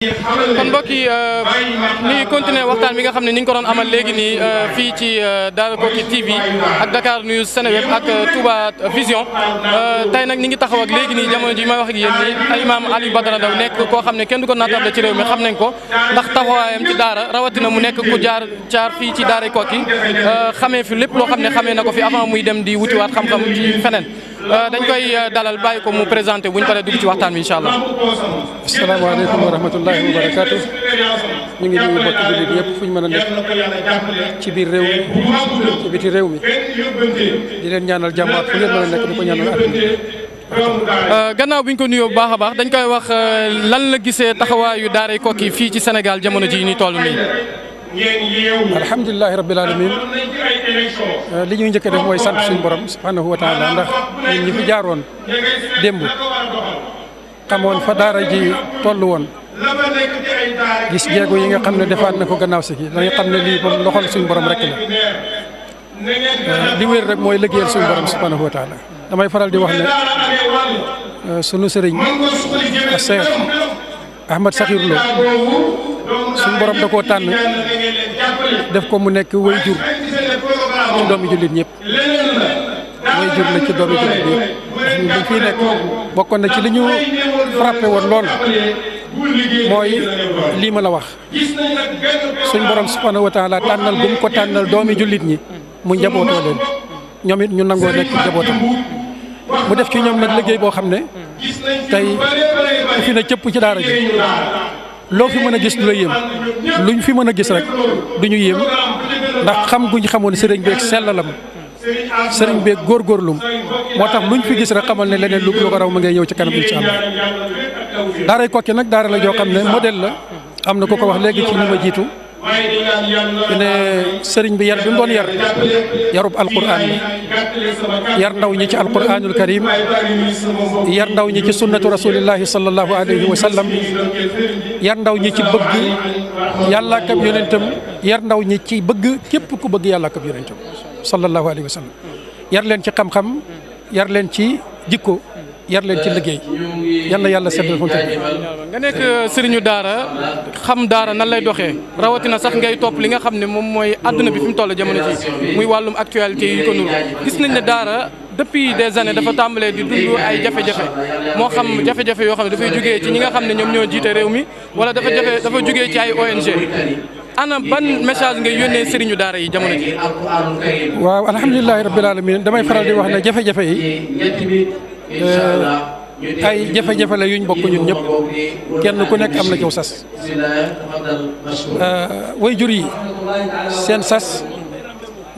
kon mbokk yi euh, ñuy continuer waxtaan bi nga xam ne ni ñu ko doon amal léegi nii euh, fii ci euh, Daara Koki TV ak Dakar News Seneweb ak Touba Vision tey nag ñi ngi taxawaat léegi nii jamono ji may wax ak yéen nii al imaam Aliou Badara Ndao nekk koo xam ne kenn du ko naatable ci réew mi xam nañ ko ndax taxawaayam ci daara rawatina mu nekk ku jaar jaar fii ci Daara Koki xamee fi lépp loo xam ne xamee na ko fi avant muy dem di wutiwaat xam-xam ci feneen Euh, dañ koy euh, dalal bàyyi ko mu présenté bu ñu paree dugg ci waxtaan bi incha allah. asalaamaaleykum wa rahmatullahi wa barakaatu ñu ngi nuyu mbokki jullit yëpp fu ñu mën a nekk ci biir réew mi ci réew mi di leen ñaanal jàmm fu ngeen mën a nekk di ko ñaanal at euh, gannaaw bi ñu ko nuyoo bu baax a baax dañ koy wax lan la gisee taxawaayu daaray Koki fii ci Sénégal jamono ji ñu toll nii. yéen yéew ñi alhamdulilahi rabbil alamin euh, li ñuy njëkk a mooy sant suñu borom subhanahu wa taala ndax ñun ñi fi jaaroon démb xamoon fa daara ji toll woon gis jéego yi nga xam ne defaat na ko gannaaw si gi dañuy xam ne lii moom loxol suñu borom rek la euh, li wér rek mooy liggéeyal suñu borom subhanahu wa taala damay faral di wax ne euh, sunu sëriñ Seex Ahmad Saxiir Lo borom da koo tànn def ko mu nekk way jur ci doomi jullit ñëpp way jur la ci doomi jullit ñëpp ñu fii nekk bokkoon na ci li ñu frappé woon lool mooy lii ma la wax suñ borom subhanahu wa taala tànnal bu mu ko tànnal doomi jullit ñi mu njabootoo leen ñoom it ñu nangoo nekk njabootam mu def ci ñoom nag liggéey boo xam ne tey ku fi ne cëpp ci daara ji loo fi mën a gis du la yéem ñu fi mën a gis rek du ñu yéem ndax xam gu ñu xamoon sëriñ beeg sellalam sëriñ góor góorgóorlum moo tax luñ fi gis rek xamal ne leneen lu lu ko raw ma ngay ñëw ci kanam incha allah daaray Koki nag daara la joo xam ne modèle la am na ko ko wax léegi ci ñi ma jiitu. ñu sëriñ bi yar bi mu doon yar yarub alquran yar ndaw ñi ci alquranul karim yar ndaw ñi ci sunnatu rasulillahi sallallahu alayhi wa sallam yar ndaw ñi ci bëgg yàlla ak ab yonentam yar ndaw ñi ci bëgg képp ku bëgg yàlla ak ab yonentam sallallahu alayhi wa yar leen ci xam-xam yar leen ci jikko yar leen ci liggéey yàlla yàlla seddal fonte nga nekk euh, sëriñu daara xam daara nan lay doxe rawatina sax ngay topp li nga xam ne moom mooy àdduna bi fi mu toll jamono ji muy wàllum actualité yi ko gis nañ ne daara depuis des années dafa tàmbalee di dund ay jafe-jafe moo xam jafe-jafe yoo xam ne dafay jugee ci ñi nga xam ne ñoom ñoo jiite réew mi wala dafa jafe dafa jugee ci ay ONG ana ban message ngay yónnee sëriñu daara yi jamono ji. waaw alhamdulilah rabbil alamin damay faral di wax ne jafe-jafe ay jafe-jafe la yuñ bokk ñun ñëpp kenn ku nekk am na ciw sas euh, way jur yi seen sas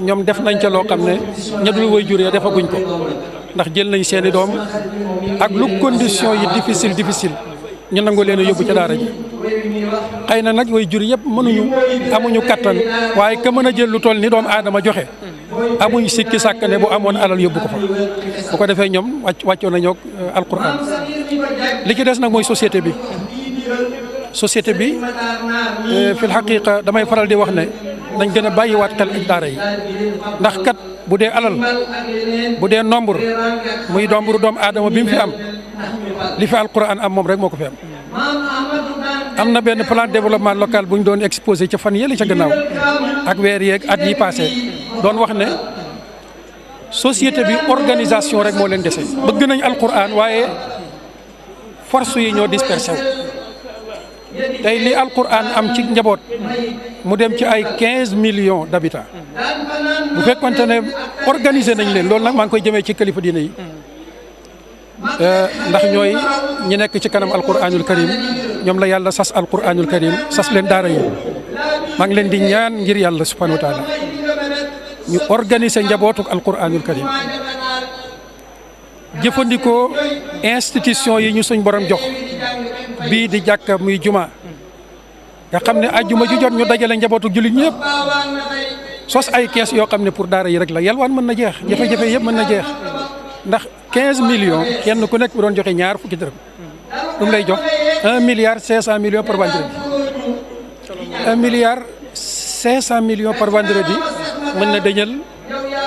ñoom def nañ ca loo xam ne ña dul way jur ya defaguñ ko ndax jël nañ seeni doom ak lu condition yi difficile difficile ñu nangu leen a yóbbu ca daara ji xëy na nag way jur yëpp mënuñu amuñu kattan waaye ka mën a jël lu toll ni doomu aadama joxe amuñ sikki sàkk ne bu amoon alal yóbbu ko fa bu ko defee ñoom wàcc wàccoon nañoo ak euh, li ci des nag mooy société bi société bi euh, fil xaqiqa damay faral di wax ne dañ gën a bàyyiwaat xel ak yi ndax kat bu dee alal bu dee nombre muy nombre doomu aadama bi mu fi am li fi alquran am moom rek moo ko fi am am na benn plan développement local bu ñu doon exposé ca fan yële ca gannaaw ak weer yeeg at yi passé doon wax ne société bi organisation rek moo leen dese bëgg nañ alquran waaye force yi ñoo dispersé wu tey li alquran am ci njaboot mu dem ci ay 15 millions d'habitants bu fekkonte ne organiser nañ leen loolu nag maa ngi koy jëmee ci kilifa diine yi euh, ndax ñooy ñu nekk ci kanam al alquranul karim ñoom la yàlla sas alquranul karim sas leen daara yi maa ngi leen di ñaan ngir yàlla subhanahu wa taala ñu organiser njabootuk alquranul karim jëfandikoo institution yi ñu suñ borom jox bii di jàkka muy juma nga xam ne ajjuma ju jot ñu dajale njabootuk jullit ñëpp sos ay kees yoo xam ne pour daara yi rek la yalwaan mën na jeex jafe-jafe yëpp mën na jeex ndax 15 millions kenn ku nekk bu doon joxe ñaar fukki dërëm lu lay jox un milliard cinq cent millions par vendredi un cinq cent millions par vendredi mën na dañal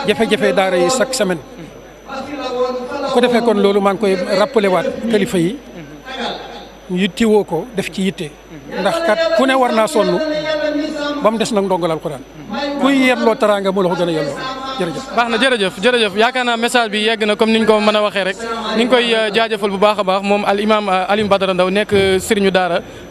jafe-jafe daara yi chaque semaine ko defee kon loolu maa ngi koy rappelé waat kalifa yi ñu yittiwoo ko def ci yitte ndax kat ku ne war naa sonn ba mu des nag ndongalal ko kuy yelloo teraanga moo ko gën a yelloo jërëjëf baax na jërëjëf jërëjëf yaakaar naa message bi yegg na comme ni ñu ko mën a waxee rek ñu ngi koy euh, jaajëfal bu baax a baax moom al imam euh, Alioune Badara Ndao nekk euh, sëriñu daara